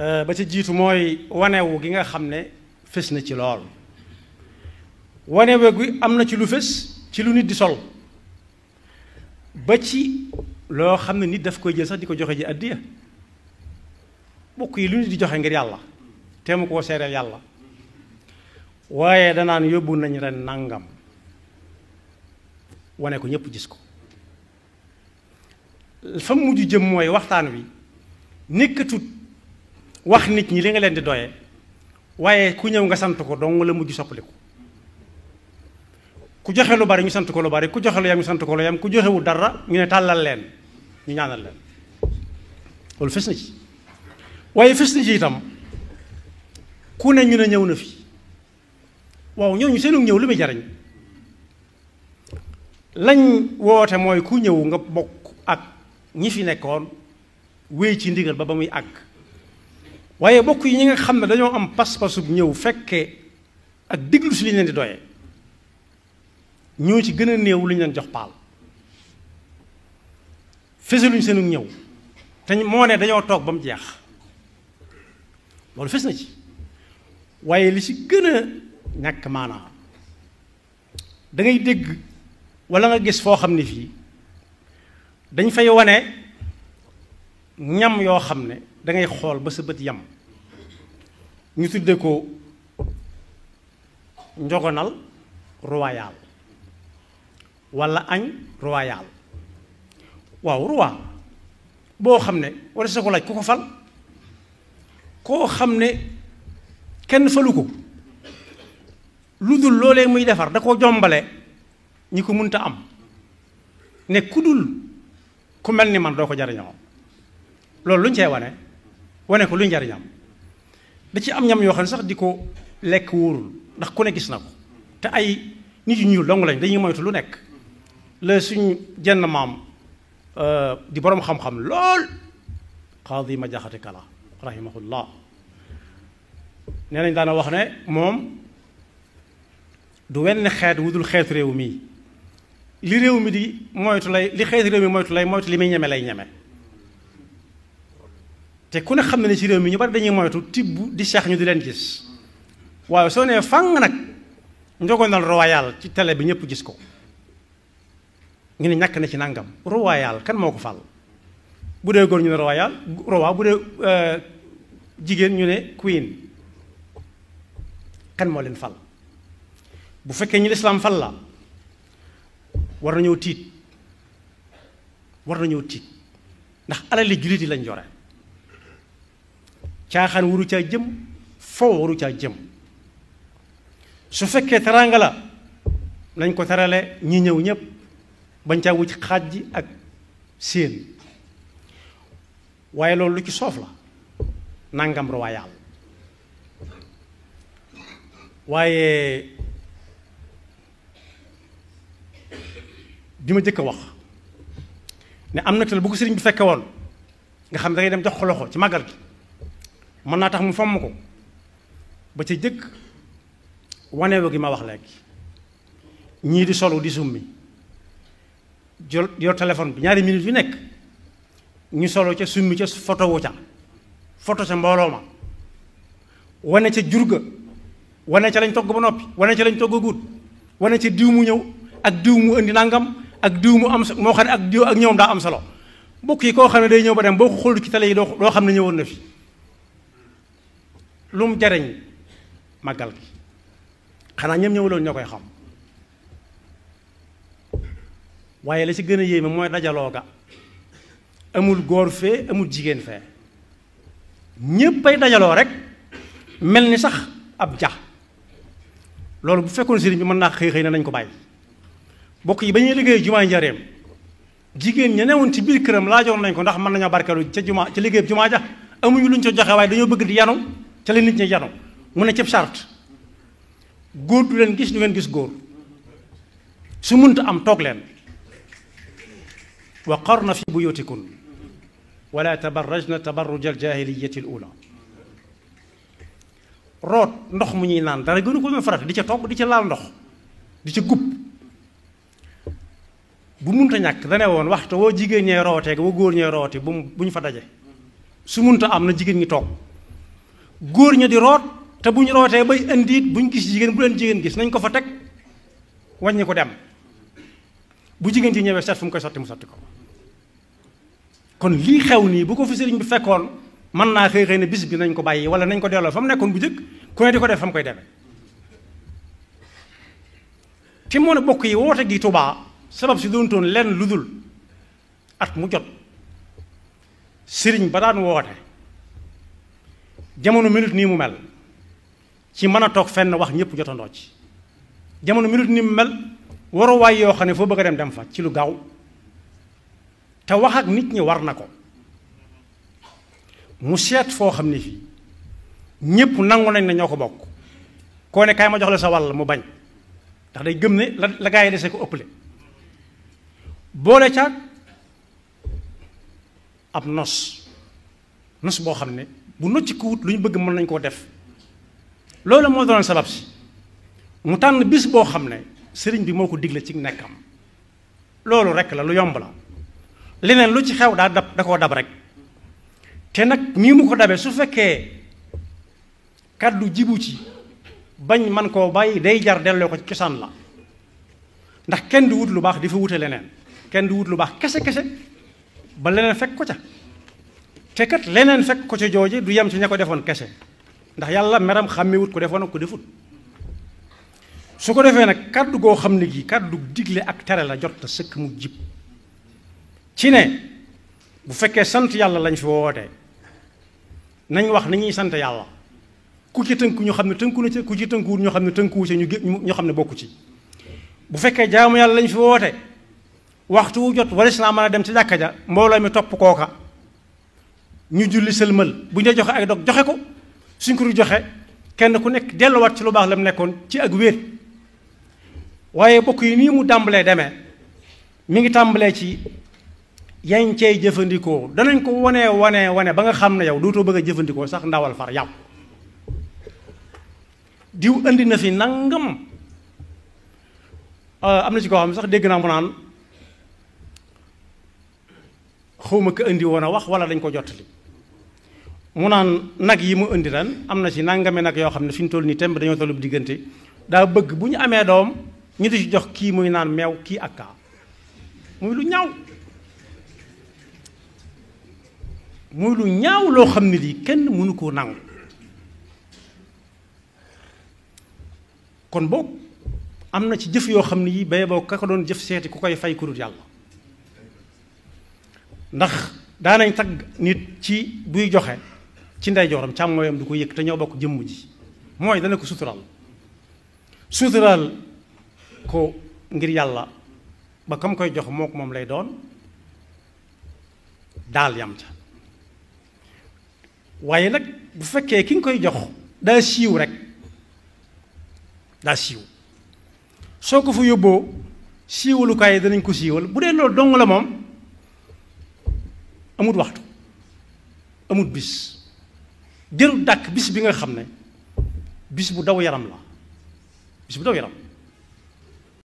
Euh, ba ci jiitu mooy wanewu gi nga xam ne fés na ci lool wanewu gi am na ci lu fés ci lu nit di sol ba ci loo xam ne nit daf koy jël sax di ko joxe ji addiya bokk yi lu nit di joxe ngir yàlla te koo seereel yàlla waaye danaan yóbbu nañ ren nàngam wane ko ñépp gis ko fa mujj jëm mooy waxtaan wi nekkatut wax nit ñi li nga leen di doye waaye ku ñëw nga sant ko dong la mujj soppaliku ku joxe lu bari ñu sant ko lu bari ku joxe lu yam ñu sant ko lu yam ku joxewul dara ñu ne tàllal leen ñu ñaanal leen loolu fes waaye fes ku ne ñu ne ñëw na fi waaw ñooñu seenu ñëw lu muy jariñ lañ woote mooy ku ñëw nga bokk ak ñi fi nekkoon wéy ci ndigal ba ba muy àgg waaye bokk yi ñi nga xam ne dañoo am pas-pasub ñëw fekkee ak déglu si li leen di doyee ñoo ci gën a néew lu ñu leen jox paal fesaluñ seenu ñëw te moo ne dañoo toog ba mu jeex loolu fes na ci waaye li ci gën a ñàkk maanaam da dégg walla nga gis foo xam ne fii dañ fay wone ñam yoo xam ne da ngay xool ba sa bët yam ñu tudde ko njogonal royal walla añ royal waaw roi boo xam ne wala sa ko laaj ku ko fal koo xam ne kenn falu ko lu dul loolee muy defar da koo jombale ñi ko munta am ne ku dul ku mel ni man doo ko jariñoo loolu lu ñu cee wane wane ko luy njariñam da ci am ñam yoo xam ne sax di ko lekk wóorul ndax ku ne gis na ko te ay nit yu ñuul dong lañ dañuy moytu lu nekk la suñ jenn maam euh, di boroom xam-xam lool xaadi ma jaxate kala rahimahullah nee nañ daana wax ne moom du wenn xeet wudul xeet réew mi li réew mi di moytu lay li xeet réew mi moytu lay moytu li muy ñeme lay ñeme te ku ne xam ne si réew mi ñu bari dañuy moytu tibb di seex ñu di leen gis waaye soo nee fang nag njogonal royal ci télé bi ñëpp gis ko ñu ne ñàkk na ci nangam royal kan moo ko fal bu dee góor ñu ne royal roi bu dee euh, jigéen ñu ne queen kan moo leen fal bu fekkee ñu lislaam fal la war na ñëw tiit war na ñëw tiit ndax alali jullit yi lañ jore caaxaan waru caa jëm foo waru caa jëm su fekkee teraanga la nañ ko terale ñi ñëw ñépp bañ caa wucc xaaj ji ak séen waaye loolu lu ci soof la nangam royal waaye bi ma jëkk a wax ne am na tal bu ko sëriñ bi fekke woon nga xam ne dangay dem jox ko loxo ci màggal gi mën naa tax mu fomm ko ba ca jëkk waneewu gi ma wax léegi ñii di solu di summi jol yor téléphone bi ñaari minutes yu nekk ñu solo ca summi ca photo wu ca photo ca mbooloo ma wane ca jur ga wane ca lañ togg ba noppi wane ca lañ togg a guut wane ca diw mu ñëw ak diw mu indi nangam ak diw mu am moo xam ne ak diw ak ñoom daa am solo mbokk yi koo xam ne day ñëw ba dem boo ko xool ci télé yi doo doo xam ne ñëwoon na fi lu mu jariñ màggal gi xanaa ñoom ñëwuloon ñoo koy xam waaye la si gën a yéeme mooy dajaloo ga amul góor fee amul jigéen fee ñéppay dajaloo rek mel ni sax ab ja loolu bu fekkoon sëriñ bi mën naa xëy xëy na nañ ko bàyyi bokk yi ba ñuy liggéey jumaay njareem jigéen ña newoon ci biir këram laajoon nañ ko ndax mën nañoo barkeelu ca jumaa ca liggéey jumaa ja amuñu luñ ca joxe waaye dañoo bëgg di yanu ca la nit ñi yanu mu ne cib charte góor du leen gis du ngeen gis góor su munta am toog leen wa qarna fi buyutikun wala tabarrajna tabarruja aljaahiliyati alula root ndox mu ñuy naan dara gënu ko muy farata di ca togg di ca laal ndox di ca gub bu munta ñàkk dane woon waxtu woo jigéen ñee rootee wa góor ñee rootee bu mu buñ fa daje su munta am na jigéen ñi toog góor ña di root te bu ñu rootee bay indiit bu ñu gis jigéen bu leen jigéen gis nañ ko fa teg wàññi ko dem bu jigéen ci ñëwee seet fu mu koy sotti mu sotti ko kon lii xew nii bu ko fi sëriñ bi fekkoon man naa xëy xëy ne bis bi nañ ko bàyyi wala nañ ko delloo fa mu nekkoon bu jëkk ku ne di ko def fa mu koy demee fi mu ne bokk yi woote gi Tuubaa sabab si doontoon lenn lu dul at mu jot sëriñ ba daan woote jamono minute nii mu mel ci mën a toog fenn wax ñëpp jotandoo ci jamono minute nii mu mel waruwaay yoo xam ne foo bëgg a dem dem fa ci lu gaaw te waxaat nit ñi war na ko mu seet foo xam ne fii ñëpp nangu nañ ne ñoo ko bokk koo ne ma jox la sa wàll mu bañ ndax day gëm ne la la gaa yi dese ko ëpple boole caag ab nos nos boo xam ne. bu nocc ku wut lu ñu bëgg mën nañ koo def loolu moo doon sabab si mu tànn bis boo xam ne sëriñ bi moo ko digle ci nekkam loolu rek la lu yomb la leneen lu ci xew daa dab da koo dab rek te nag nii mu ko dabee su fekkee kàddu jibu ci bañ man koo bàyyi day jar delloo ko ci cosaan la ndax kenn du wut lu baax di fa wute leneen kenn du wut lu baax kese kese ba leneen fekk ko ca te kat leneen fekk ko ci jooji du yem ci ña ko defoon kese ndax yàlla meram xàmmiwut ko defoon ak ko defut su ko defee nag kàddu goo xam ne gii kàddu digle ak tere la jot na sëkk mu jib ci ne bu fekkee sant yàlla lañ fi wootee nañ wax ni ñuy sant yàlla ku ci tënku ñu xam ne tënku na ci ku ci ñu xam ne tënkuwu ci ñu ñu xam ne bokku ci bu fekkee jaamu yàlla lañ fi woote waxtu wu jot waris naa mën a dem ci jàkka ja mbooloo mi topp kooka ñu julli sëlmal bu ñu joxe ay dog joxe ko suñ ko du joxe kenn ku nekk delluwaat ci lu baax la mu nekkoon ci ak wéet waaye bokk yi nii mu tàmbalee deme mi ngi tàmbalee ci yañ cey jëfandikoo danañ ko wane wane wane ba nga xam ne yow dootoo bëgg a jëfandikoo sax ndawal far yàpp diw indi na fi nangam euh, am na ci ko xam sax dégg naa mu naan xawma ko indi woon a wax wala dañ ko jottali mu naan nag yi mu indi ren am na ci nangame nag yoo xam ne fi ñu nii temb dañoo tollu diggante daa bëgg bu ñu amee doom ñu di ci jox kii muy naan meew kii ak kaa muy lu ñaaw muy loo xam ne lii kenn mënu koo nangu kon boog am na ci jëf yoo xam ne yii bay boo ka ko doon jëf seeti ku koy fay ku dul yàlla ndax daanañ tagg nit ci buy joxe ci ndeyjooram càmmooyam du ko yëkk te ñoo bokk jëmm ji mooy dana ko suturaal suturaal ko ngir yàlla ba kam koy jox moo moom lay doon daal yam ca waaye nag bu fekkee ki nga koy jox daa siiw rek daa siiw soo ko fa yóbboo siiwalukaay yi danañ ko siiwal bu dee loolu dong la moom amut waxtu amut bis jëru dàkk bis bi nga xam ne bis bu daw yaram la bis bu daw yaram